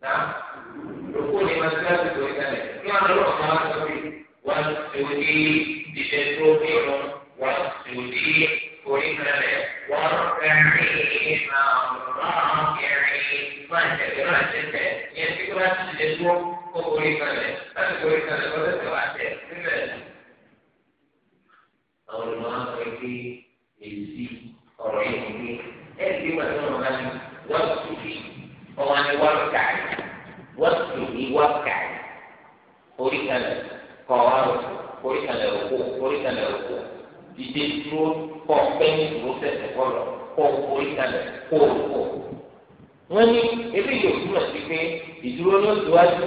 náà lóko ní ma ti láti tó ìkàlẹ̀ kí wọn lọ sọ wọn sọ pé wọn ti wọlé ìṣẹ́ ìdúró ló síwájú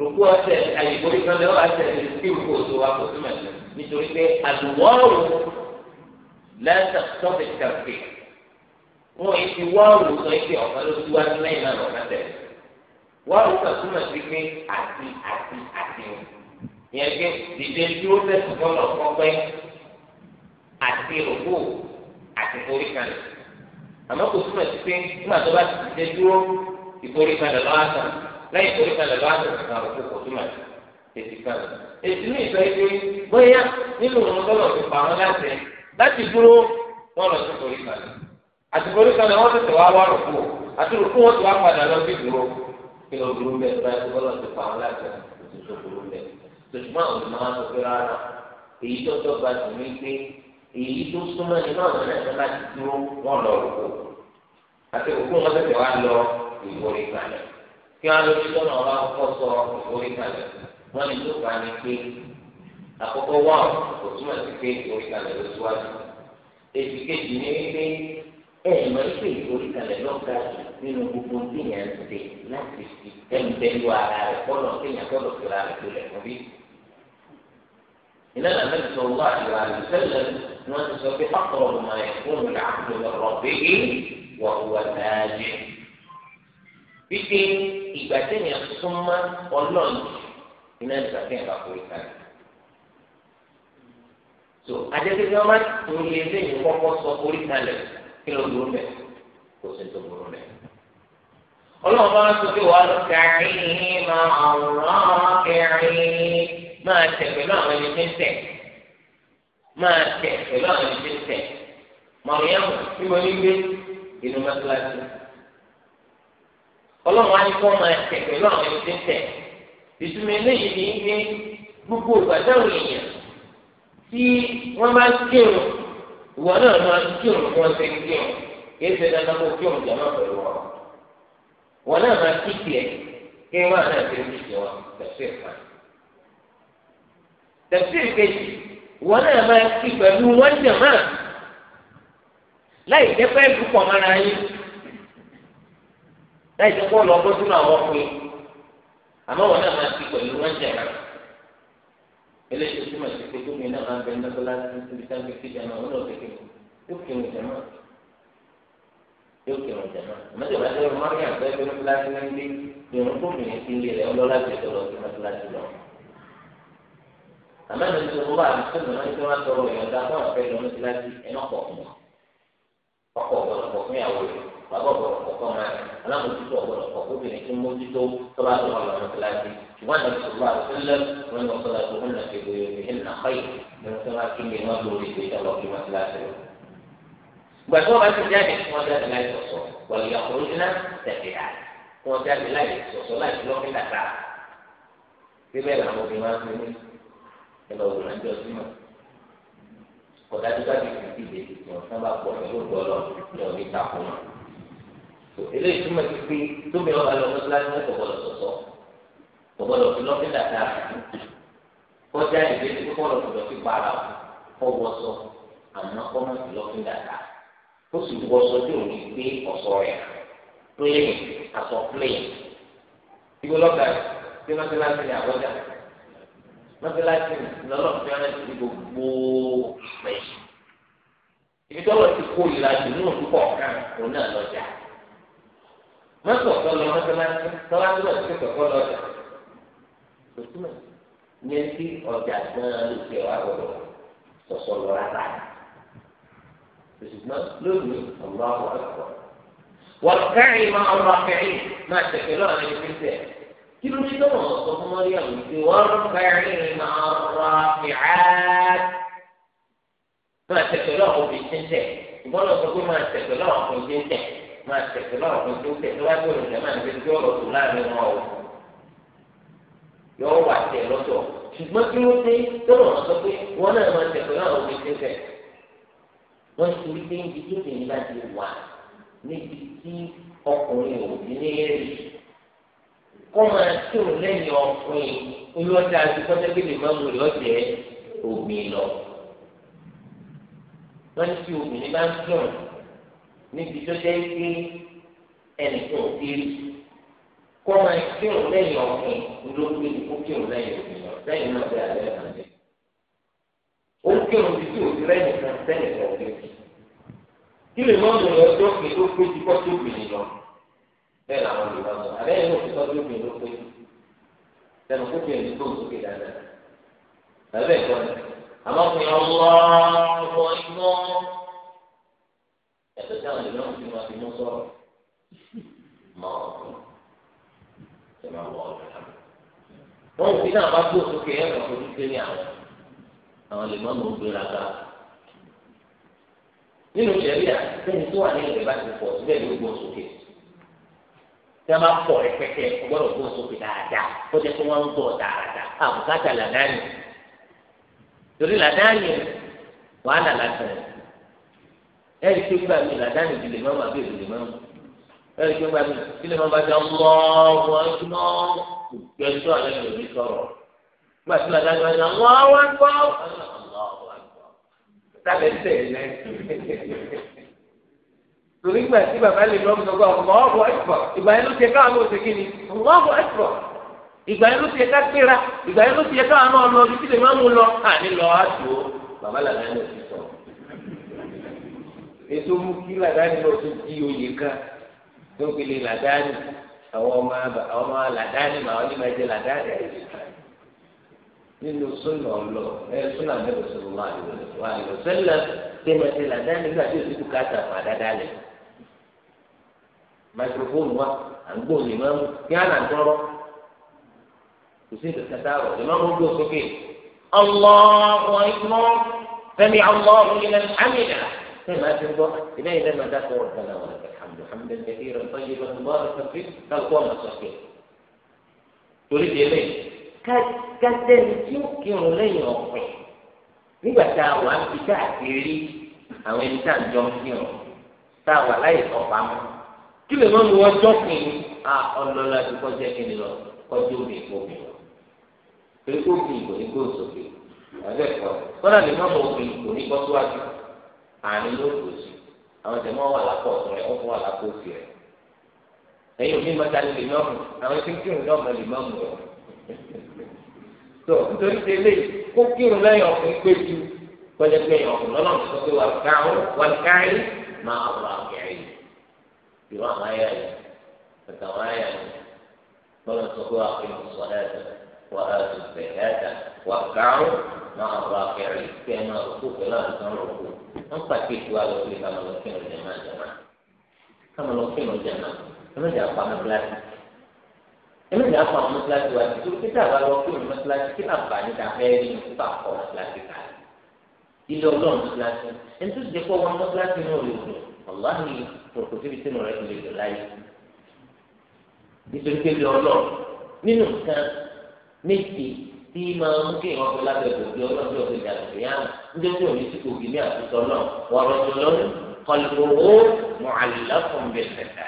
rògbò ọ̀sẹ̀ àyìnbó ìkànnì ọ̀sẹ̀ kí rògbò tó wà kó túmọ̀ sí nítorí pé àdùwọ́ọ̀rù lẹ́sẹ̀ tọ́pì kàfé wọn yìí ti wọ́ọ̀rù sọ pé ọ̀kan ló síwájú lẹ́yìn náà lọ́ka tẹ̀lé wọ́ọ̀rù kan túmọ̀ sí pé àti àti àti ìyẹn pé dìde dúró tẹ̀sán fọlọ̀ kọ́pẹ́ àti rògbò àti forí kalẹ̀ àmọ́ kò túmọ̀ sí pé nígbà tó bá ti dìde dúró ìforí kalẹ̀ lọ́wọ́ lẹ́yìn tó ní kalẹ̀ bá àdùn kan rò kókò tó máa tètè kalẹ̀. èsì ní ìfẹ́ pé bóyá nínú òun tọ́lọ̀ ti pa wọn láti láti dúró wọn lọ sí torí kalẹ̀. àtìkórí kalẹ̀ wọ́n tètè wá wárò kú àti rò kú wọ́n ti wá padà lọ sí dúró kí lọ dúró bẹ́ẹ̀ bá ti bọ́lọ̀ ti pa wọn láti ti tó dúró bẹ́ẹ̀. tòṣùmọ́ àwọn ọ̀nà wọn fi rárá èyí tó dọ́gba sí ní pé èyí tó súnmọ́ nínú àwọn ẹ̀ṣẹ́ láti dúró wọn lọ rò kú àti òkú wọn tètè wá lọ ìwòrì kalẹ̀ kí wọn lórí lọnà ọba kọ sọ orí kalẹ̀ wọn ní lóba ni pé àkọ́kọ́ wà ó kò túmọ̀ sí pé orí kalẹ̀ ló síwájú èsì kejì ni wípé ẹ ẹ mọ̀ pé orí kalẹ̀ ló ga jù nínú gbogbo téèyàn ń tẹ láti fi tẹ́ǹtẹ́lú ara rẹ̀ kọ́nà téèyàn kọ́nà fúnra rẹ̀ tó lẹ̀ fún bí. إن النبي صلى الله عليه وسلم نص في أقرب ما يكون العبد من ربه وهو ناجح wípé ìgbà téèyàn súnmọ́ ọlọ́ọ̀nù iná ìgbà téèyàn bá forí kalẹ̀. so adékèké ọmọ torí eléyìí kọ́kọ́ sọ forí kalẹ̀ kí ló dúró mẹ́ kó sì tó dúró mẹ́. ọlọ́run bá sọ pé wàá lọ kàkín máa àwòrán kẹrin máa tẹ̀ pẹ̀lú àwọn ẹni tí ń tẹ̀ máa tẹ̀ pẹ̀lú àwọn ẹni tí ń tẹ̀ màmúyàmù tí mo ní gbé inú mẹ́tíláṣí ọlọ́run á ní kó máa tẹ̀ pẹ̀lú àwọn ẹni tí ń tẹ̀ ìtumọ̀ eléyìí ni wípé gbogbo ìgbàdáwò èèyàn tí wọ́n bá ń kírun ìwọ náà máa ń kírun kí wọ́n ṣe ń kírun kí ẹsẹ̀ dandan kó kírun jẹ́ náà pẹ̀lú wọn wọn náà máa kí tiẹ̀ kí wọ́n náà ṣe ń kí wọn tẹ̀sí kan tẹ̀sí kejì ìwọ náà máa kí pẹ̀lú wọn jẹ̀ máa láì jẹ́ pẹ́ dúpọ̀ mọ́ra yín láì tó kó lọ bójú náà wọ́n pé àmọ́ wọn náà máa ti pẹ̀lú wọn jẹ̀ náà eléyìí tó túmọ̀ sí pé gómìnà náà máa ń bẹ nígbàlá níbi tá a ń fi kíjà náà wọn náà fi kéwòn yóò kéwòn jẹ̀ náà yóò kéwòn jẹ̀ náà àmọ́ tí wọ́n ti rọ mọ́rí àgbẹ̀ tó ní kíláàsì náà ń gbé ìrún gómìnà ti lé rẹ̀ ọlọ́lá jẹ̀ tó lọ sí kíláàsì lọ. àmọ́ ní ti wọ́n bá àdúgbò náà ní wọ́n tọrọ ìyọ̀dá fún àfẹ́ lọ́mọ́ kíláàsì ẹ̀ bàbá ọ̀gbọ̀rọ̀ kọ̀ọ̀kan máa alámòjútó ọ̀gbọ̀rọ̀ kọ̀ọ̀kan obìnrin tí ń mójútó tọ́ba tó wà lọ́nà kíláàsì ṣùgbọ́n àti ìṣòro àtúnlẹ̀ wọn ni ọ̀sán àti òun náà kéde omi ní nàkọ́yì ní wọn sọ́ra kí ni wọ́n lórí ìgbé ìjà lọ́ọ́ kí wọ́n kíláàsì rẹ̀. ìgbà tí wọ́n bá ti jáde wọ́n jáde láì sọ̀sọ̀ pẹ̀lú ìyàwó iná tẹ̀lé à wọ́n jáde láì sọ̀sọ̀ láì lọ́ kí dàgbà. bíbẹ̀ làwọn obìnrin máa ń fi ní ẹ̀rọ òwúrọ̀ ń jọ sí mọ̀ kọ̀dájú bá ti fi ìdíje ìtàn sábà pọ̀ pẹ̀lú ọ̀dọ́ eléyìí túmọ̀ sí pé tómi ọba lọ fún síláṣí ní kọ̀bọ̀lọ̀ sọ̀sọ̀ kọ̀bọ̀lọ̀ fi lọ́ọ́ fi dàda kọjá ìgbé tí kọ̀bọ̀lọ̀ fi lọ́ọ́ fi para ọwọ́ sọ àmọ́ kọ́mọ̀ fi lọ́ọ́ fi dàda ó sì wọ sọ tí òun gbé ọ̀sọ̀ rẹ̀ plane aṣọ plane ìgbó lọ́gà tí mọ́tíláṣí ni àwọ́jà mọ́tíláṣí lọ́lọ́ fi ọ̀rẹ́ ti di gbogbo ìpè ibi tọ́lọ̀ ti kó ìlàjì nínú òkú kọ̀ọ̀kan òun náà lọ́jà mọ́tò ọ̀tọ̀ lọ mọ́tòláṣí tọ́lá tó lọ́ọ́ tó kọ̀kọ́ lọ ọjà kò túmọ̀ ní ti ọjà gan-an ló ti wá gbọdọ̀ sọ̀sọ̀ lọ rárá ṣùgbọ́n lónìí ọ̀gbọ́n àwọn ọ̀kọ̀ wọ́n kẹ́rin máa ọ̀rọ̀ akẹ́rin máa tẹ̀kẹ́ lọ́wọ́ ní pípẹ́ kí ló ní tọ́wọ́ sọ fún mọ́ríyàwó pé wọ́n kẹ́rin máa ọ̀rọ̀ akẹ́rin máa tẹ̀kẹ́ lọ́wọ́ máa tẹ̀sí lọ́wọ́ tó tó tẹ̀ tó bá tó lòdì máa níbi tí ọ̀rọ̀ tó láàrin wọn o yọ̀ọ́ wà tẹ̀ lọ́tọ̀ ṣùgbọ́n kí ló dé tó lọ́wọ́ sọ pé wọn náà máa tẹ̀sí lọ́wọ́ tó tó tẹ̀ wọ́n ti rí pé ibi tó tẹ̀yìn bá ti wà níbi tí ọkùnrin ò ní ní rí kọ́ máa tó lẹ́yìn ọkùnrin olóòtú àti kọ́tẹ́gbẹ̀lẹ̀ máa mú lọ́tẹ̀ obìnrin lọ wọ́n ti obìnrin bá ń sọ̀rọ̀ níbi tó jẹ́ pé ẹnìkan ò ti rí kọ́ máa kírun lẹ́yìn ọ̀gbìn ló gbé kó kírun lẹ́yìn ọ̀gbìn lẹ́yìn náà bẹ́ẹ̀ alẹ́ náà lẹ́yìn. ó kírun ti tí òsì rẹ̀ nìkan sẹ́yìn kan kí kí lè má lò lọ tó kí ló pé ju kọ́tù obìnrin lọ bẹ́ẹ̀ làwọn lè máa sọ alẹ́ yìí ló fi kọ́tù obìnrin ló pé sẹ́nu kó kírun ti tó òsókè dáadáa tàbí ẹ̀kọ́ ni àmọ́ fi ọlọ́ọ̀ náà ti máa fi mú sọ̀rọ̀ mọ́ ọ̀tún ṣe máa wọ ọ̀tún náà. wọ́n ò fi náà bá gbó sókè ẹ̀rọ fojú pé ní àwọn àwọn lè má mú gbéra ga. nínú ìṣẹ̀lẹ̀ àtẹ́ni tó wà ní ilẹ̀ bá ti pọ̀ síbẹ̀ ló gbó sókè. tí a bá pọ̀ rẹpẹtẹ gbọ́dọ̀ gbó sókè dáadáa kó jẹ́ pé wọ́n ń gbọ́ dáadáa àbùkátà làdáni torí làdáni wàhálà làdáni ẹ̀rí tó gbà mí làdáni ìdílé mọ́ àbí ìdílé mọ́ ẹ̀rí tó gbà mí ìdílé mọ́ bá jẹ́ ọlọ́ọ̀wọ́ ẹ̀dúná gbẹ̀dọ́ alẹ́ ló ní sọ̀rọ̀ gbà tí làdáni wà ní àwọn àwọn àgbọ̀ sábẹ̀ tẹ̀ lẹ́ torí gbà tí bàbá lè lọ́ mi lọ́gbà ọmọ ọ̀bọ̀ ẹ̀fọ̀ ìgbà yẹn ló ti ká àwọn òṣèké ni ọmọ ọ̀bọ̀ ẹ̀fọ̀ ìgbà yẹn ló ti yẹ ká gbéra ìgbà yẹn ló ti yẹ ká àwọn ọlọ́ọ̀bí tí lè má mú lọ àní lọ́ọ́ àdúró bàbá làdáni òṣèké ètò mú kí làdáni náà tún di oyè kan tó gbélé làdáni àwọn ọmọ àwọn ọmọ làdáni mà wọn ní ma jẹ làdáni nínú súnà ọlọ ẹ súnà mẹbẹ sọ̀rọ̀ wà lọ sẹlẹ tẹmẹtẹ làdáni nígbà tí òsì bùkátà fà dáadáa lẹ maikrofóònù wa à ń gbóhùn lè máa kí á nà ń tọrọ kò sí ìdọ̀tí kata rọ̀ lè máa mú gbóhùn sókè. الله أكبر سمع الله لمن حمده ما تنظر إليه لما دخل ربنا ولك الحمد حمدا كثيرا طيبا مباركا فيه فالقوم الصحيح تريد إليه كالتالي يمكن لن يوقف nígbà tá a wà ń fi tá a ti rí àwọn ẹni tá a jọ ń fi hàn tá a wà láyé ọ̀pá mọ́ kí lè má mú wọn jọ́sìn ní ọlọ́lá tó kọjá kí ni lọ kọjú omi ìkóbi lọ torí kó fi ìgò ní kó sókè ọjọ́ ìkọ́ kọ́nà lè má mọ omi ìgò ní kọ́ síwájú àárín ló kù sí àwọn tẹmọ wà lápò ọtún rẹ ó fún wà lápò òsì rẹ ẹ̀yin òbí mọta lè lè mọmù àwọn tí ń kírun náà mọ lè mọmù rẹ tó nítorí ti lè kó kírun lẹ́yìn ọkùnrin pé ju kọjá pé ẹ̀yìn ọkùnrin lọ́nà tó pé wà káwọn wà káyé máa wà kẹrin ìwọ àwọn ayé ayé àtàwọn ayé ayé lọ́nà tó pé wà kí náà ọ̀rọ̀ akẹ́rẹ́ tí ẹ máa rògbò pẹ̀lú àwọn tó ń rògbò wọ́n pàkíyèsí wa lọ sí káwọn lọ kírun jẹ̀má jẹ̀má káwọn lọ kírun jẹ̀má ẹlẹ́dẹ̀ apá mọ́tíláṣí ẹlẹ́dẹ̀ apá mọ́tíláṣí wa ti tó kíkà bá lọ kírun mọ́tíláṣí kí àǹfààní ta fẹ́ rí ní kíkà kọ́ mọ́tíláṣí ká ilé ọlọ́run mọ́tíláṣí ẹni tó ti jẹ́ kó wọn mọ́tíláṣí náà lè dùn ọ̀láhìn pòròkòtìbí sínú lè dùn láyé nítorí pé ilé ọlọ́run nínú nǹkan méjì tí máa mú kí ìwọ́n fi lábẹ́ òkè ọlọ́dún ọ̀sẹ̀ ní àtúntò yá nà níjẹ́ tí òní sí òkè ní àtúntò náà wọ́n rọ́jò lọ́nà kọlùkòwò mọ̀àlá fún bẹ́ẹ̀ tẹ̀tà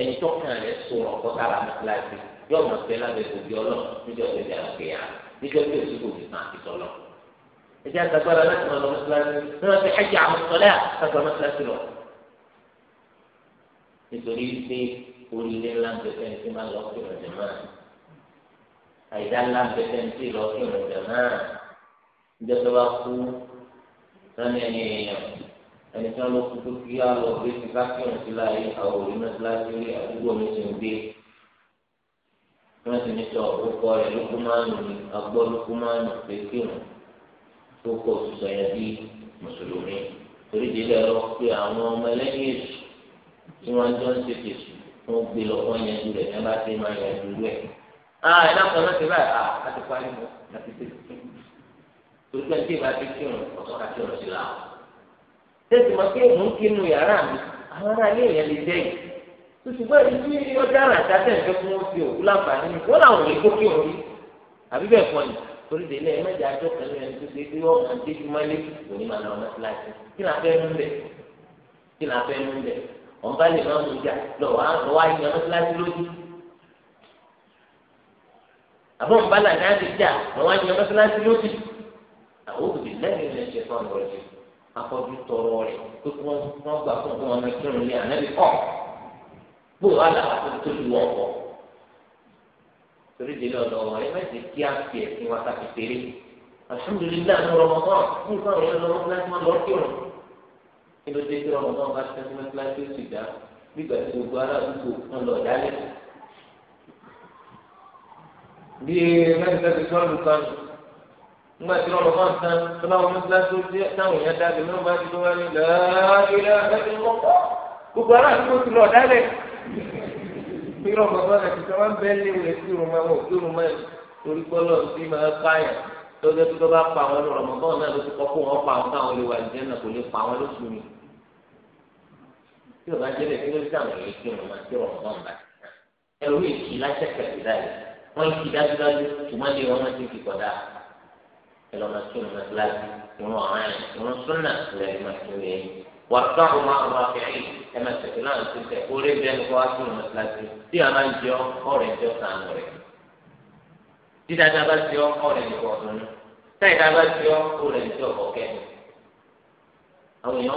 ẹni tó kàn rẹ̀ so ọkọ sára láti yọ ọmọ fẹ́ lábẹ́ òkè ọlọ́dún níjẹ́ ọ̀sẹ̀ ní àtúntò yá níjẹ́ tí òsì òkè náà àtúntò náà ẹjẹ́ àtàgbára láti máa lọ mọ́sálásí náà fi ẹ̀jẹ̀ àwọn sọ́lá àtàgbà mọ́sálásí lọ. nítorí pé orílẹ̀ ńlá ń bẹ̀rẹ̀ sí máa lọ sí ọ̀jẹ̀ máa àyíká ńlá ń bẹ́tẹ̀ ń tì lọ sí ìrìn jàmá níjọ́ tó bá kú lọ́nà ẹni èèyàn ẹni tí wọ́n lọ kú tó kí á lọ gbé sí káfíọ̀n sí láyé àwọn òbí náà láti rí àdúgbò mi ti ń gbé wọ́n ti ní sọ orúkọ rẹ̀ lókùmánù ni agbọ́ lókùmánù pé kí wọ́n tó kọ̀ òṣìṣẹ́ yẹn bí mùsùlùmí torí ìdílé lọ pé àwọn ọmọ ẹlẹ́yìn èṣù tí wọ́n jọ ń ṣe tèṣù wọ́n gbé lọ́kọ́ yẹn dúró ẹ̀ ah ẹ náà kọ́nà ti báyìí ah láti parí mu láti tẹ̀ torí pé tí ìbá ti kírun ọ̀sán àti ọ̀rọ̀ sí la o. tẹ̀sí ma pé mò ń kínú yàrá mi àwọn ará ilé yẹn lè dẹ́yìn tùsùgbọ́n ìlú yìí ọjà rà sátẹ̀ ń fẹ́ fún wọn fi òkú láǹfààní ni wọ́n làwọn ò lè gbókè òun rí àbí bẹ́ẹ̀ kọ́ ni torí délé ẹ mẹ́jọ àjọ kan lẹ́nu tó ṣe pé wọ́n máa ń déjú máa lé òní máa lọ ọmọ síláṣí kí àbọ̀ nbala ní adìjà àwọn àjọ mẹsàlásì lódì àwọn òbí lẹ́yìn ilẹ̀ ṣe fún ọ̀rọ̀ rẹ̀ akọ́jú tọrọ rẹ̀ pé kí wọ́n wọ́n gbà fún wọn ní kírun ní ànábì kọ́ bó wà láwà tó tó lu ọkọ̀ torí délé ọ̀dọ̀ wọn ẹ mẹ́sì kí á fi ẹ̀sìn wa káfí péré alhamdulilayi ní rọmọkàn ní ìfọ̀ àwọn ẹ̀rọ mẹsàlásì máa bí mẹ́ta ti sọ́ọ̀lù kan nígbà tí wọ́n bá ń tan tó bá wọn mẹ́tíláṣí tí táwọn èèyàn dá gbẹmí wọn bá ti wá ní lẹ́ẹ̀ẹ́dẹ́ ẹ̀ẹ́dẹ́ mọ́kọ́ gbogbo ará àti kò ti lọ dálẹ̀ bí wọ́n bá wọn ti sọ wọn bẹ́ẹ̀ lé wọlé sí irun máa wọ̀ sí irun máa torí gbọ́dọ̀ sí máa pààyàn lọ́jọ́ tó tó bá pa àwọn ọ̀rọ̀ mọ́kọ́ náà ló ti kọ́ kó wọn pa àwọn táwọn lè wà jẹ́ náà kò lè pa àwọn lóṣù mi tí ò bá jẹ́ bẹ́ẹ̀ kí ló dé àwọn èèyàn kí wọn máa kí wọn bá wọn bá ẹ̀rù ìkì láṣẹ̀kẹ̀ wọ́n ti dájúdájú ṣùgbọ́n lè wọ́n ti fi kọ̀dá ẹ lọ́mọ tó lọ́mọ kíláàsì ìwọ̀n ọ̀ràn ẹ̀ ìwọ̀n súnà lẹ́yìn máa ti rẹ̀ wà á tọ́ àwọn ọmọ akẹ́rì ẹ máa tẹ̀sí náà ti tẹ̀ orí bẹ́ẹ̀ ni kọ́ wá sí lọ́mọ kíláàsì tí a máa ń jẹ ọ̀rẹ́ jọ sànù rẹ̀ tí dáadáa bá ti ọ ọ̀rẹ́ nìkan ọ̀dún táì dáadáa bá ti ọ ọ̀rẹ́ nìkan ọ̀kẹ́ àwọn èèyàn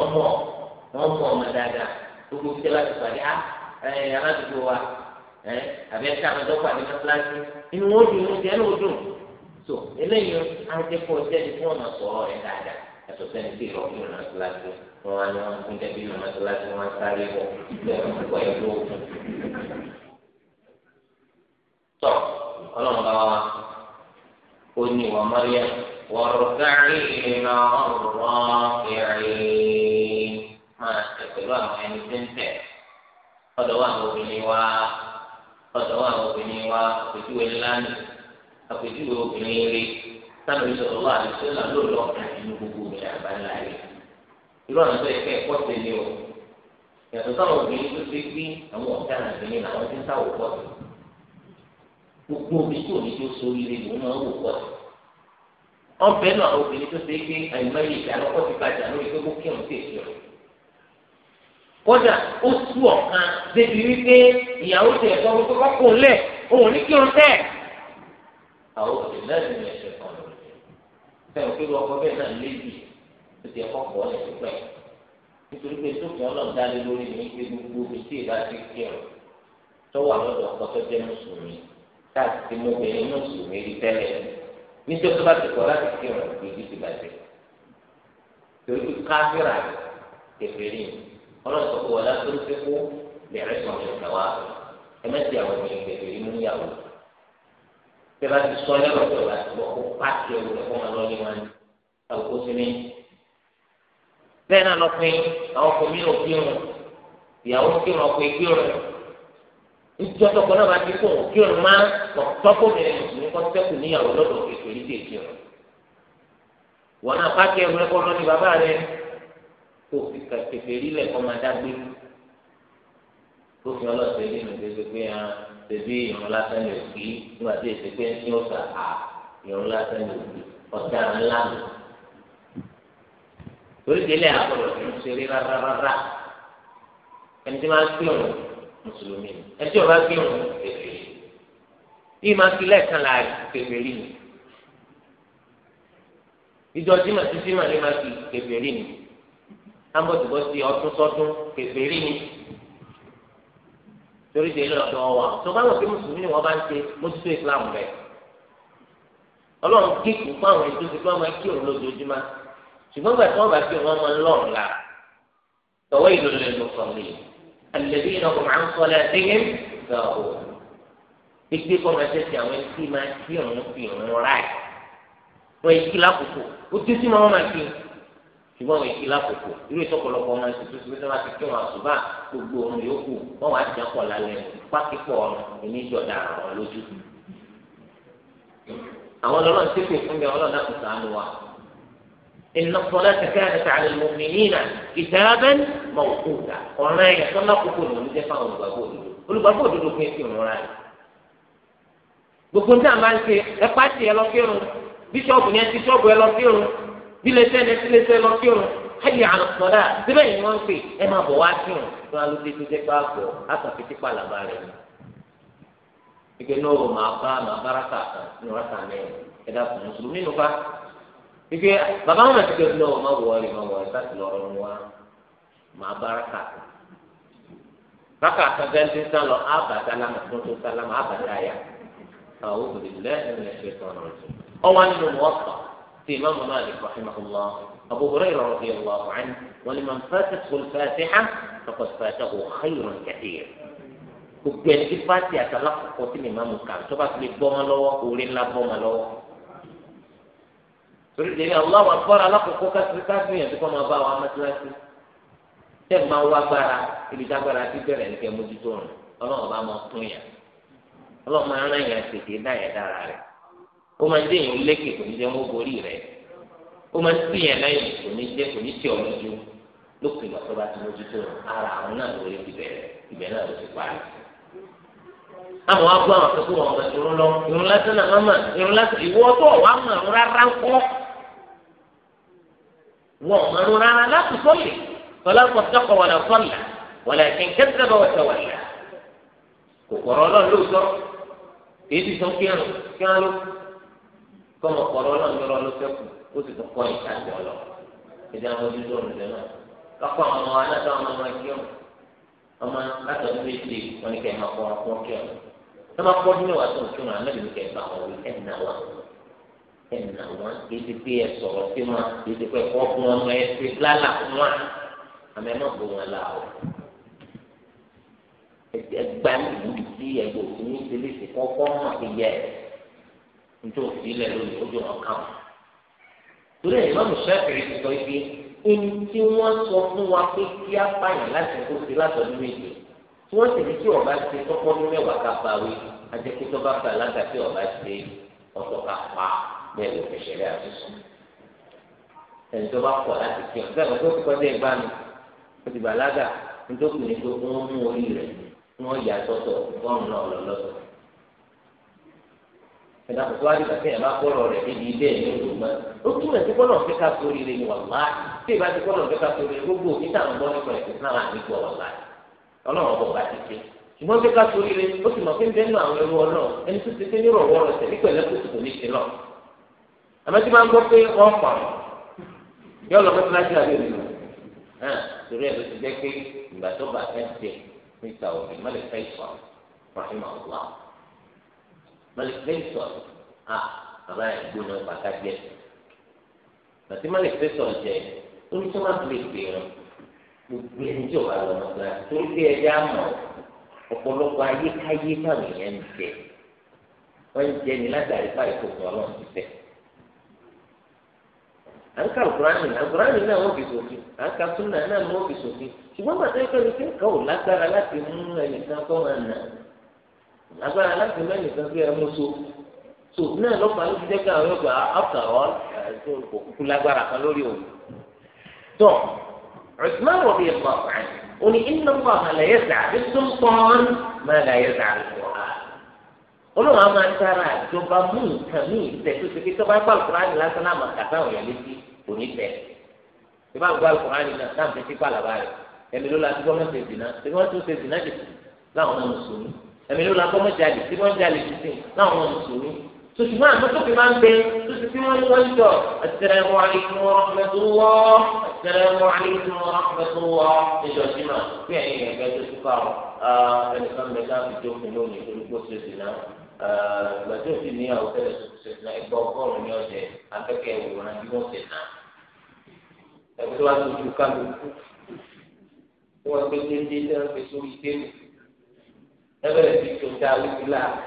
mọ̀ wọ́n mọ̀ ẹ àbí ẹ sáà lọ́dọ́ pàdé mọ́tíláṣí inú wọn dùn inú tiẹ̀ ló dùn tó eléyìí ajẹ́pọ̀ sẹ́ni fún ọ̀nà sọ̀rọ̀ rẹ̀ dáadáa ẹ̀sọ̀ sẹ́ni tí ìrọ̀ fún mọ́tíláṣí wọn wá ní wọn fún dẹ́bí inú mọ́tíláṣí wọn sáré wọ lọ́wọ́ ẹ̀ lóògùn. tọ́ ọlọ́run bá wa ó ní ìwà mọ́ríyá wọ́rọ̀kárì ìrìnà ọ̀rọ̀ ìrìn máa tẹ̀ pẹ̀lú àwọn ẹni tẹ́ńtẹ̀ ọ̀dọ̀ wà ní obìnrin wa ọ̀dọ̀ wa obìnrin wa àpèjúwe ńlá ni àpèjúwe obìnrin rí sanu ìṣòro wa àti sọlá ló lọ nínú gbogbo ìṣẹ̀ àbáńlá yìí irú àwọn tó yẹ kẹ́ ẹ̀kọ́ ṣe ni o yàtọ̀ sáwọn obìnrin tó ṣe gbé àwọn ọ̀gá àbìnrin làwọn ti ń sáwò pọ̀ sí gbogbo omi tí òní tó sórí rẹ̀ lòún náà wò pọ̀ sí ọbẹ̀ náà obìnrin tó ṣe gbé àyùmáyé ìjà lọ́kọ́ ti bàjẹ́ lórí kódà ó sú ọ̀kan débi wípé ìyàwó tiẹ̀ sọ fún kókó kò lẹ̀ òun ní kí n tẹ̀. àwọn òbí náà ní ẹsẹ̀ kan lò fẹ́ o kéwọ́ ọkọ bẹ́ẹ̀ náà lébi tó ti ẹ̀kọ́ pọ̀ ní ìpẹ́ nítorí pé sófin ọlọ́run dá lé lórí ní pé gbogbo omi tí ìlà ti kírun tọ́wọ́ àlọ́dọ̀ ọkọ tó jẹ́ mùsùlùmí táà ti mú obìnrin mùsùlùmí rí tẹ́lẹ̀ nítorí tó bá ti kọ́ láti kírun ìdí ti bàjẹ́ torí pé káfíńrà ọlọ́run sọ pé wọ́n lásán ti kú lè rẹ́ sọ̀rọ̀ ìgbà wa ẹ mẹ́tì àwọn ènìyàn gbèdé inú ìyàwó bí a bá ti sọ lẹ́rọ̀ tó bá ti bọ̀ kó pàṣẹ òun rẹ̀ fún ọlọ́ọ̀ni wọn ni àwòkó sí mi. bẹ́ẹ̀ náà lọ́pin àwọn ọkọ̀ mi ò kírun ìyàwó kírun ọkọ̀ ìkírun ìjọ tọkọ náà bá ti kó òun kírun má tọkọmìnrin mùsùlùmí kọ́ sẹ́kù níyàwó lọ́dọ̀ tó fi kẹfẹ́ rí lẹ̀ kọ́ máa dágbé lófin ọlọ́sẹ̀ yìí nù gbèsè pé hàn ah, bèbí ìrún lásán ní òkì nígbà tí èsì pé ní ọ̀sà à ah, ìrún lásán ní òkì ọ̀sẹ̀ ńlá nù. torí délé àkọlọ̀ ń ṣeré rárára ẹni tí máa ń kí òun mùsùlùmí ẹni tí ò bá kí òun kẹfẹ́ yìí máa kí lẹ́ẹ̀kan láàyè kẹfẹ́ rí ni ìjọ tí màtí tí màlẹ́ máa kí kẹfẹ́ ni ambọ̀tìbọ̀sì ọdún sọdún kèfèrí ni torí de lọ́dọ̀ wa tó bá wọn pé mùsùlùmí ni wọ́n bá ń ṣe mójútó islam rẹ̀ ọlọ́run kíkù fún àwọn ètò ìsìnkú àwọn ẹkí òun lójoojúmọ́ ṣùgbọ́n gbà tí wọ́n bá fi wọn máa ń la tọwọ́ ìlú lè lò mi àlèbí iná kò máa ń sọ lẹ́yìn dígín gbàgbó gbígbé kọ́ máa ṣe ti àwọn ẹkí máa kí òun fi òun ráì wọ́n ẹkí lákòókò ó tún sí máa wọ́n máa kí ṣùgbọ́n àwọn ìkílá kòkò irú ìsọ̀pọ̀lọpọ̀ ọmọ ẹ̀sìn tuntun tí wọ́n ti kí wọn àṣùbà gbogbo ohun yòókù wọ́n wá jẹ́ pọ̀ lálẹ́ pákípọ̀ oníjọ̀dá àwọn lójú. àwọn ọlọ́run ti pè fún mi ọlọ́run náà kò sàánú wa. iná sọlá ti ká ẹ̀ka àlè lómi nínà ìtẹ́lábẹ́ mọ̀kúta ọ̀rẹ́ ẹ̀ sọ́lá kòkò ló ń jẹ́ fáwọn olùgbàgbọ́ òdodo olùgbàgbọ́ òdodo kún èsì bílẹ̀sẹ̀ ní bílẹ̀sẹ̀ lọ kírun ayé àlùkọ́dà síbẹ̀ yìí wọ́n ń pè ẹ máa bọ̀ wá kírun tó a ló dé tó jẹ́ pé a bọ̀ a kàn fi tipa làbá rẹ̀ ni. ike náà o máa bá máa bára kà kan ní wọ́n sàn mẹ́rin ẹ dá fún mùsùlùmí nínú fa. ike bàbá wọn ti kẹ́kọ̀ọ́ náà máa wọ̀ ọ́rẹ́ máa wọ̀ ọ́rẹ́ láti lọ rọrùn wá máa bára kà kan. bákà kan gẹ́gẹ́ sálọ àbàtà lámà tó tó sálámà àbàtà yà. àwọn òbí في إمام مالك رحمه الله أبو هريرة رضي الله عنه ولمن فاتته الفاتحة فقد فاته خير كثير gbogbo ẹni tí fati àtàlà kọkọ tí mi máa mú kàn tó bá fi lè bọ́ ọmọ lọ́wọ́ orí ńlá bọ́ ọmọ lọ́wọ́ torí ìdílé aláwọ̀ agbára alákòókò káfíń káfíń yẹn tó kọ́ máa bá wa mọ́tíláṣí tẹ́ ẹ̀ máa wá gbára ibi tí agbára ti bẹ̀rẹ̀ ní kẹ́ mójútó rùn ọlọ́run bá máa tún yàn ọlọ́run máa ń rán yàn tètè dá yàn dára rẹ̀ ó máa ń dé èèyàn lékè kò ní jẹ́ wọ́n borí rẹ̀ ó máa ń tì yẹn lẹ́yìn kò ní jẹ́ kò ní tì ọ́ lójú lópin ìgbà tó bá ti mójútó ara àwọn náà lórí ibẹ̀ ibẹ̀ náà ló ti parí àwọn agbó àwọn akẹ́kọ̀ọ́ wọn ọ̀gá irun lọ irun lásán náà máma irun lásán ìwọ tó wà mọ̀ ọ̀run rárá ń kọ́ wọn mọ̀ ọ̀run rárá láti sọ́lẹ̀ tọ́lá kọ́ sọ́kọ̀ sọ́lẹ̀ wọlé kẹ̀kẹ́ bá wọ́n wọlé kòkòrò ọlọ́run ló èyí ti sọ kí ẹnu kọ́mọ kọ̀ọ̀rọ̀ náà yọrọ ló fẹ́kù ó sì tún kọ́ ìta jọ lọ ìdí àwọn ojúṣe olùdẹ náà lọ́pọ̀ àwọn ọmọ aláta ọmọ ọmọ ẹgbẹ́ ọ̀hún ọmọ látọ̀dún méje wọn ni kẹ́ ẹ̀ máa kọ́ ọkọ kẹ́ ọ̀hún ẹ máa kọ́ dúnmẹ́wàá tó ń túnra náà lè kẹ́ ẹ̀ bá wọn wí ẹ̀ nà wá ẹ̀ nà wá ètò pé ẹ sọ̀rọ̀ sí wọn ètò pé kọ́ fún wọn mọ ẹ ti lálà fún wọn àmọ́ ẹ nítorí òfin ilẹ̀ lónìí ojú wọn kàn wọn. torí ẹ̀ ìmọ̀mù sẹ́fìrì ti sọ pé ẹni tí wọ́n sọ fún wa pé kí á pààyàn láti kó sí látọ̀dún méje tí wọ́n sì ní kí ọba ṣe tọ́pọ́ ní mẹ́wàá ká bá wí ajẹ́kí tó bá bá alága tí ọba ṣe ọ̀tọ̀ ká pa bẹ́ẹ̀ ló fẹsẹ̀ àtúnṣe. ẹni tó bá kọ̀ láti kí ọ̀gá ìwọ̀n tó ti ìgbà mi ó ti bàlágà nítorí kò ní mú orí rẹ̀ wọ́n yà sọ́tọ̀ fọ́ọ̀mù náà lọ́lọ́sọ̀ ẹ̀dá kò tó wá nígbà tí ẹ̀ máa kọ́rọ̀ rẹ̀ níbi ilé ẹ̀ ní olùmọ̀ ó túmọ̀ sí kọ́nà fẹ́ ká sórí rẹ̀ ní wàhálà tí ìbá ti kọ́nà fẹ́ ká sórí rẹ̀ gbogbo òbí táwọn gbọ́ nípa ẹ̀sìn náà nígbà wàhálà ọlọ́run ọ̀bọ̀ bá ti ké ṣùgbọ́n fẹ́ ká sórí rẹ̀ ó sì mọ̀ pé ń bẹ́ẹ̀ nù àwọn ẹrú ọlọ́run ẹni tó ti ké ní rọ̀wọ́ rẹ̀ tẹ̀lé pẹ̀lẹ́ kó sì kò ní ṣe lọ. àmọ́ tí máa ń gbọ́ pé wọ́n pa ọ́ yọ lọ fẹ́ láti àbí òbí rẹ̀ hàn torí ẹ̀ ló ti jẹ́ pé ìgbà tó bá fẹ́ ṣe níta òbí má lè fẹ́ ìfọ̀ rahimahullah Malik Benson a bàbá yẹn gbóná bàtà jẹ bàtí Malik Benson jẹ oníṣẹ́wọ́n ti lè gbé wọn gbogbo ẹni tí o bá lọ wọn gba torí pé ẹjẹ àmọ́ ọ̀pọ̀lọpọ̀ ayékáyé táwọn èèyàn ń jẹ wọn ń jẹ ní látàrí fáyì fòfin Ọlọ́run ti fẹ́ à ń ka alukurani náà alukurani náà wọn fi sòfin à ń ka sunna náà wọn fi sòfin ṣùgbọ́n bàtà ẹgbẹ́ mi kẹ́kọ̀ọ́ lágbára láti mú ẹnìkan kọ́ máa agbára láti mẹ́rin kan pé ẹ mú so so náà lọ́pàá ló fi jẹ́ ká àwọn ọgbà after all ẹ̀ẹ́dọ́ kò kúkú lágbára kan lórí òun. tó Usman rọ̀bì ẹ̀kọ́ àfààní ó ní iná ń bọ̀ àlàyé sàbí tó ń pọ́n máa láyé sàbí tó wà. olóòwò àwọn àtàrà àjọba mú nǹkan mí ìtẹ̀ tó ṣe pé tó bá gbà Kùránì lásán náà màkà táwọn èèyàn létí kò ní tẹ̀. tó bá gbà Kùránì ẹ̀mí ló la kọ́ mọ́ jalè tí wọ́n jalè títì láwọn mùsùlùmí sòṣùmọ́ àmọ́tòkè máa ń gbé sòṣù tí wọ́n wọ́n jọ assalamu alaykum wa rahmatullah assalamu alaykum wa rahmatullah níjọ sí ma bí ẹ̀yin ẹ̀gbẹ́ tó ti fà ọ́ ah, ẹnìkan bẹ ká fi tó fún lónìí torí kó ṣe sí náà ah, gbàtí òsì ní àwọn tẹ́lẹ̀ tó ṣe sí náà ẹgbẹ́ ọgọ́rùn-ún ní ọ̀sẹ̀ afẹ́kẹ́ ìwòran bí wọ́n ṣe náà ẹgbẹ́ tó wá tó ju kálukú wọ́n gbé ẹbẹrẹ ti tó dá wípé la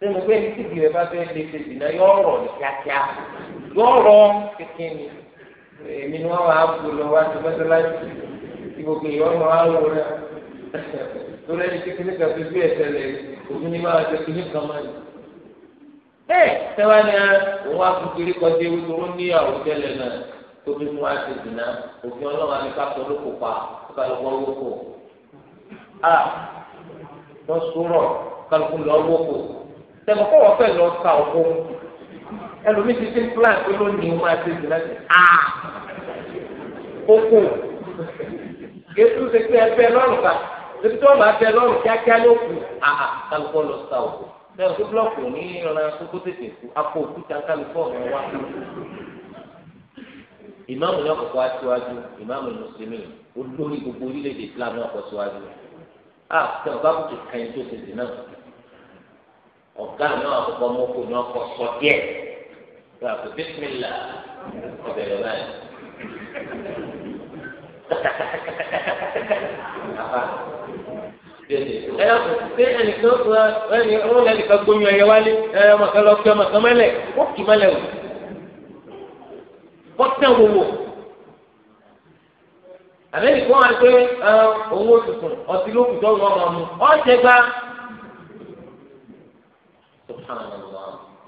sẹmu pé títí rẹ bá fẹ́ lé tètè náà yọ ọ̀rọ̀ ní kíákíá yọ ọ̀rọ̀ kékeré ni èmi ni wọn máa bu lọ wá sí mọ́sálásí tí gbogbo ìyọnu máa wò rẹ lórí ẹni kékeré kan fi bí ẹsẹ̀ lẹ òfin ni máa ṣe kékeré kan máa yìí. ẹ sẹwà ni òun á fún kiri kọjá ewu tó ń ní àwùjọ lẹ náà tó fi mú àṣejì náà òfin ọlọ́run àti kápẹ́ olókùpa ó kà lọ́wọ́ olókùpa. Ah, lọ sọ̀rọ̀ kálukú lọ wọkọ tẹmọ kọwọ fẹ lọ ka ọkọ ẹlòmíì ti ti ń plan pé lónìí wọn àti ìdílé ti a kókó gẹ̀ẹ́sì ṣe pé ẹgbẹ́ lọ́rùn ká ebi tí wọ́n bá bẹ lọ́rùn kíákíá ló kù àhà kálukú lọ sa òkú bẹ́ẹ̀ tó búlọ́ọ̀kù ní ìran kókó tètè kú akó òkúta kálukú ọ̀hún wá. ìmáàmù ní ọkọ̀ wá síwájú ìmáàmù mùsùlùmí olórí gbogbo orílẹ̀-èdè Islam ní ọkọ̀ síwájú a ah, tẹ ọba kò kàn tó tètè náà ọgá náà àkọ́kọ́ mọkò náà kọ sọ díẹ̀ tó a kò bísímìlà ọbẹ̀rẹ̀ báyìí ẹ yà kò sí ẹnìkan tó ẹnì ọ̀rọ̀ ẹnìkan gbóyún ẹyẹ wálé ẹ ọmọ kan lọ kí ọmọ kan mẹlẹ ó kì í mẹlẹ o bọ́tẹ́ wo wò àbẹ́yìn kọ́ wọn pé òun ó tuntun ọtí ló kù tọ́wọ́ ọmọ mu ọ̀jẹ̀ gba.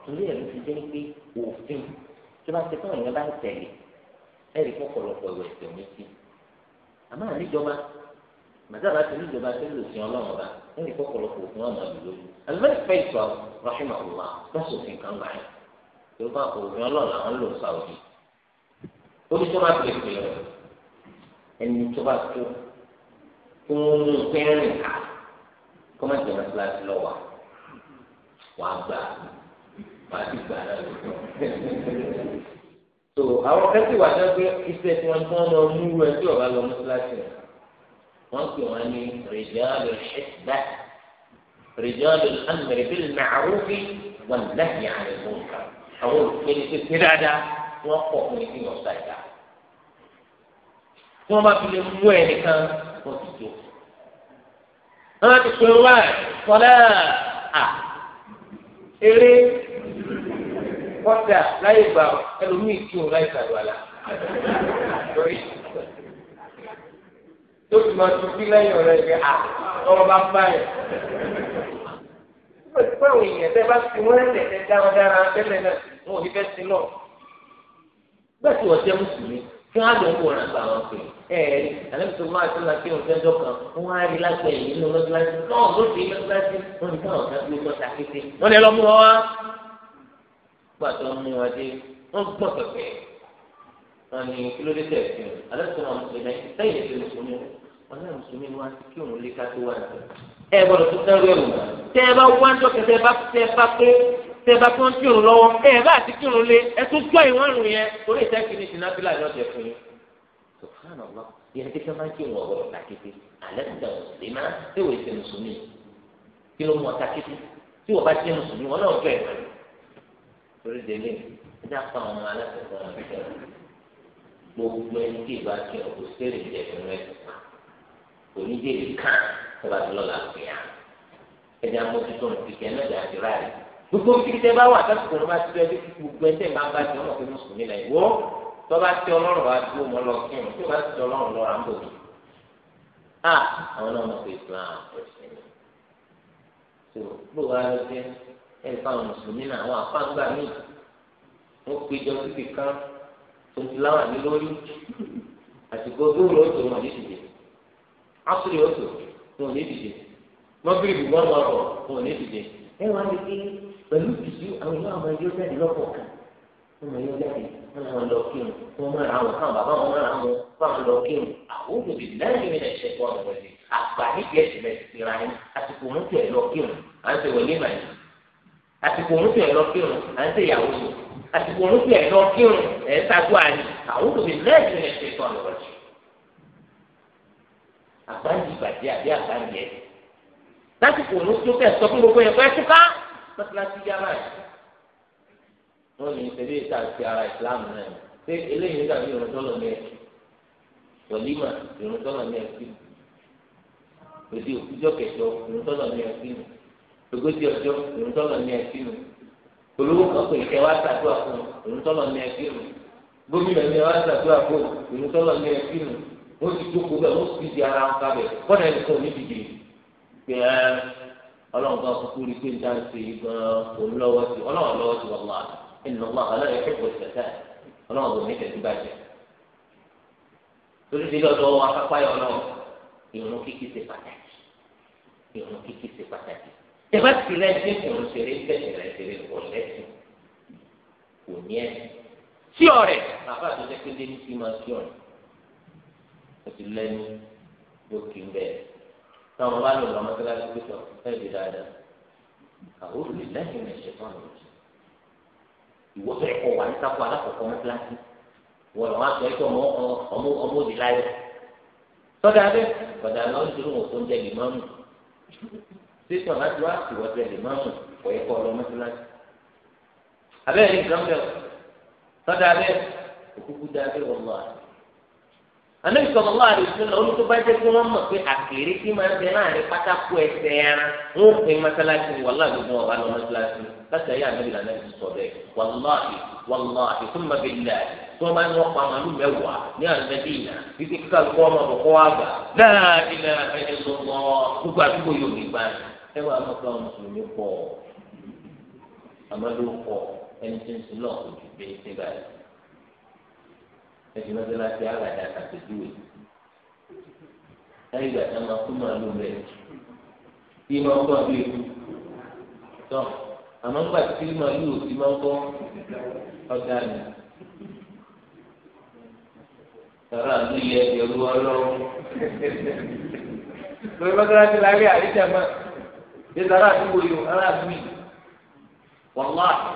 torí ẹ̀ ló ti jẹ́ pé òfin tí wọ́n ti fún ìyẹn bá ń tẹ̀lé ẹ̀rí fún ọ̀pọ̀lọpọ̀ ìwẹ̀ ẹ̀sẹ̀ méjì àmọ́ àríjọba màtàbà ti ní ìjọba tó lò sí ọlọ́run ọba ẹ̀rí fún ọ̀pọ̀lọpọ̀ òfin ọmọ ìlú lórí àlùbẹ́rẹ́ fẹ́ ìtọ́ rahima ọ̀la lọ́sọ̀ òfin kan gbà yẹn yorùbá òfin ọlọ́run àwọn lò sáwọ́dì ó ní tó ẹni tó bá tó kí wọ́n mú pẹ́ẹ́rìn ká kọ́ má jẹ́ mọ́sálásí lọ́wọ́ wà á gbà wà á ti gbà náà lọ́wọ́. so àwọn kẹ́sì wà náà pé iṣẹ́ tí wọ́n tán lọ mú rẹ tí ọ̀rá lọ mọ́sálásí rẹ̀ wọ́n pè wọ́n ní rìjọ́lù ṣẹ́sìdá rìjọ́lù amẹ̀rẹ̀bìlì màrúfì wọn náà yà á lè mú nǹkan àwọn olùkọ́ni tó ti dáadáa wọ́n pọ̀ fún ìdí ọ̀sán tí wọn bá fi lè mú ẹ nìkan kó ti jó wọn bá ti pè wá sọlá à eré kọta láyé gbà ẹlòmíì kí òun láyé gbàdúrà la lórí tó tún máa tún bí lẹ́yìn ọ̀rẹ́ rẹ̀ à lọ́wọ́ bá bá yẹn. Ó ti pẹ́ òun ìyẹn tẹ́ bá ti wọ́n lẹ̀ tẹ́ dáradára tẹ́lẹ̀ náà wọn ò ní fẹ́ sí lọ. Bẹ́ẹ̀ tí wọ́n jẹ́ mùsùlùmí kí wọn àjọ kó ràn sàwọn pé ẹ ẹ alẹ́bùsọ̀ máa tún láti ohun tẹ́jọ́ kan wọn á rí láti ẹ̀yìn nínú lọ́síláṣí náà ló ti lọ́síláṣí wọn ní káwọn kan gbé lọ́sà kété wọn lè lọ mú wọn wá gbàtọ́ mú wọn dé wọn gbọ́ pẹ̀pẹ́ wọn ní kílódé tẹ̀ sí wọn alẹ́bùsọ̀ máa mú sẹ́yìn sẹ́yìn ètò mùsùlùmí wọn náà mùsùlùmí wá kí òun lè ká tó wà ní ẹ gbọ́dọ̀ tó tẹ́ẹ̀bá tó ń kírun lọ́wọ́ ẹ̀ bá ti kírun lé ẹ tó jọ ìwọ̀n rùn yẹn torí ìtẹ́ kìíní sí nábìlà lọ́jọ́ fún yín. subhanallah yẹn ti fẹ́ máa ń kírun ọ̀rọ̀ takété alẹ́ ti dà mùsùlùmí máa ṣé wòye ṣe mùsùlùmí kí ló mú ọ takété tí wọ́n bá ṣe mùsùlùmí wọn náà jọ ẹ̀ máa torí délé ẹ dá pa àwọn aláṣẹ̀kọ́ àwọn ìṣẹ́ gbogbo ẹni tí ìbá kí ọ kò sẹ́rì jẹ fún ẹ onídéèlì kan tó bá ti lọ́la pè á ẹ dá gbogbo kíkẹ́ bá wà sásìkò ló bá ti rẹ́ bí gbogbo ẹsẹ̀ máa bá ti ọmọ pé mùsùlùmí lẹ̀ wọ́ tó bá ti ọlọ́run wá dúró mọ́ lọ kírun tó bá ti ti ọlọ́run lọ rà ń bòbí. a àwọn náà mọ̀ pé Islam ẹ̀sìn ni tó gbogbo wa ló dé ẹ̀rí fáwọn mùsùlùmí náà àwọn àfáǹgbà míì wọ́n péjọ síbi kan tó ti láwà ní lórí àsìkò gbòòrò ó tó wọn ní ìdíje ásùlẹ̀ ó tó wọn ní ìdíje mọ́bìrì bùbọ́n pẹ̀lú ìdíjú àwọn ìlú àwọn ẹgbẹ́ jáde lọ́pọ̀ kan wọ́n mọ ẹgbẹ́ jáde wọ́n máa lọ kírun wọ́n máa ra àwọn káwọn bàbá wọn máa ra wọn fáwọn lọ kírun àwọn òbí lẹ́yìn mi lẹ́sẹ̀ fún àwọn wọlé àgbà nídìí ẹ̀sìn lẹ́sìn ti ra yín àsìkò mú tẹ̀ lọ kírun à ń tẹ̀ wọlé màá yìí àsìkò mú tẹ̀ lọ kírun à ń tẹ̀ yàwó yìí àsìkò mú tẹ̀ lọ kírun ẹ̀ ń sagbó àyè àwọn òbí lẹ́yìn mi lẹ́sẹ̀ fún àwọn wọlé àgbà di ìbàjẹ́ àbí àgbà ń yẹ mọ́tíláṣí yá báyìí wọ́n ní ìṣẹ̀lẹ̀ ìta ti ara ìsìláàmù náà ṣé eléyìí nígbà bí irun tọ́lọ̀ ní ẹ̀sìn wọ̀límà irun tọ́lọ̀ ní ẹ̀sìn òdi òkújọ́ kẹjọ irun tọ́lọ̀ ní ẹ̀sìn ogójì ọjọ́ irun tọ́lọ̀ ní ẹ̀sìn olówó kan pè kẹ́ wá ṣàdúrà fún irun tọ́lọ̀ ní ẹ̀sìn gómìnà ní wá ṣàdúrà fún irun tọ́lọ̀ ní ẹ̀sìn wọ́n ti dúkú bẹ́ẹ̀ wọ́n ti di ara wọn kábẹ̀ kọ́nà ẹ̀sìn òní ọlọ́run bá kúkú rí pé níta ṣe gan-an òun lọ́wọ́ sí ọlọ́run lọ́wọ́ sí wàhálà ẹnìyàn máa hàn lọ́yẹ̀ kẹ́kọ̀ọ́ ìṣẹ̀dá ọlọ́run kò ní tẹ̀sí bàjẹ́ torí sílẹ̀ ọ̀dọ́ wa kápá yọ náà ìrun kíkí ṣe pàtàkì ìrun kíkí ṣe pàtàkì ẹ bá ti rẹ ṣe ìrun ṣeré bẹ́ẹ̀ rẹ ṣeré kò lẹ́sìn kò ní ẹ̀sìn sí ọ̀rẹ́ bàbá àtúnṣe táwọn bá lò lọ́mọ kíláàsì pípọ̀ ẹ̀ di dáadáa àwọn olùlẹ̀ lẹ́yìn rẹ̀ ṣe fún àwọn ọ̀jẹ̀ ìwọ fẹ́ kọ wà ní sáfù alákọ̀ọ́kọ́ mọ́ kíláàsì wọ́n lọ́wọ́ aṣọ ẹ̀kọ́ ọmọ ọmọ ọmọ òdì láyé sọ́dà abẹ́ ọ̀dà lọ́wọ́ ìṣòro wọn tó ń jẹ lèmọ́mù sísọ láti wá ìwọ tẹ lèmọ́mù kọ̀ ẹ̀kọ́ lọ́mọ anabi sọlọ lọ àdìsí lọ olùtọ́ba jẹ́ pé wọ́n mọ̀ pé àkèrè kí máa ń bẹ láàrin pátákó ẹsẹ̀ ẹran wọn ò pín mọ́sálásí wàhálà gbogbo ọ̀bá lọ mọ́sálásí láti ayé anabi lànà ti sọ bẹ́ẹ̀ wàláhì wàláhì tó má bẹ́ẹ̀ lẹ́yà tí wọ́n bá ní pa màálù mẹ́wàá ní ànábì yìí náà títí kíkà lóko ọmọ àbọ̀kọ́ wa gbà náà ilẹ̀ ẹni lọ́wọ́ gbogbo àdúgbò yóò ní gbà ẹ wà mọ́tò mùsùlùmí pọ̀ àmọ́ ló pọ̀ ẹni tí ń ẹbí mọ́sálásí àgàdà àtàkùjúwe lẹ́yìn ìgbà tí wọ́n máa kú màálù rẹ̀ bí wọ́n kọ́ bí ikú tọ́ àmọ́ ńgbà máa ń kọ́ ọ̀gá sọ̀rọ̀ àti ilé lórí àríjà máa sọ̀rọ̀ ọ̀rọ̀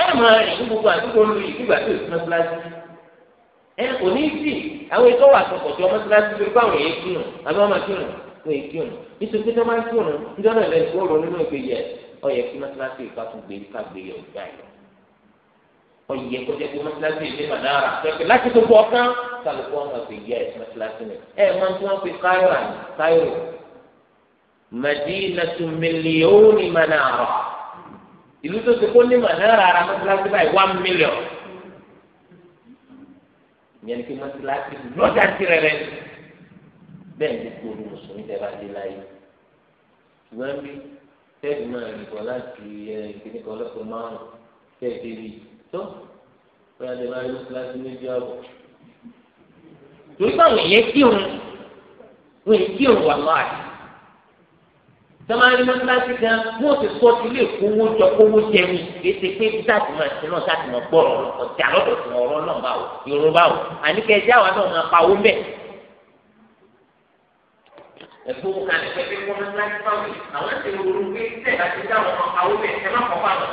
ẹ̀ máa rìn gbogbo ìgbà ẹ kò ní sí àwọn ètò wà sọ̀kọ̀ tí ọmọ síláṣí lórí báwọn èèyàn kí nù àbí wọn máa kí nù wọn èèyàn kí nù nítorí pé wọn máa kí nù níjọ́ náà lẹ́nu tó rọ nínú ìgbé yẹ ọyẹ kí mọ́síláṣí ìka tún gbé ká gbé yẹ ọ̀gá yẹ ọyẹ kó jẹ́ pé mọ́síláṣí ìdí màdára pẹ̀pẹ̀ láti tó bọ̀ ọ̀kan kálukú wọn fi yẹ mọ́síláṣí nù ẹ máa tí wọ́n fi káyọ̀rà ní káyọ̀rò madinatu mílíọ̀nù manara ìlú tó ti kó ní manara ìyẹn ni pé mọ́sálásí lọ́jà tirẹ̀ rẹ̀ bẹ́ẹ̀ ni kó o mùsùlùmí tẹ́ bá dé láyé ṣùgbọ́n bí tẹ́ẹ̀dì máa rìn bọ̀ láti ìpínlẹ̀ ọlọ́pàá márùn-ún tẹ́ẹ̀dì rí tó bóyá lè máa rí mọ́sálásí méjì ààbọ̀ torí báwọn èèyàn kírun wọ́n èèyàn kírun wà láàyè sọmaní mọ́tíláṣí gan wọ́n ti sọ ti lè kówó jọ kówó jẹ mi ètè pé sáàtì máa ṣe náà sáàtì máa gbọ́ ọ̀rọ̀ ọ̀jà lọ́dọ̀ fún ọ̀rọ̀ náà bá wò yorùbá wò àníkẹ́ ẹjẹ́ àwa náà máa pawó mẹ́. ẹ̀fọ́ kan ẹ̀fẹ́ pé wọ́n mọ́tíláṣí fáwọn àwọn ti rò ó pé tẹ̀ bá ti dá wọn máa pawó mẹ́ ẹ má kọ́ fáwọn.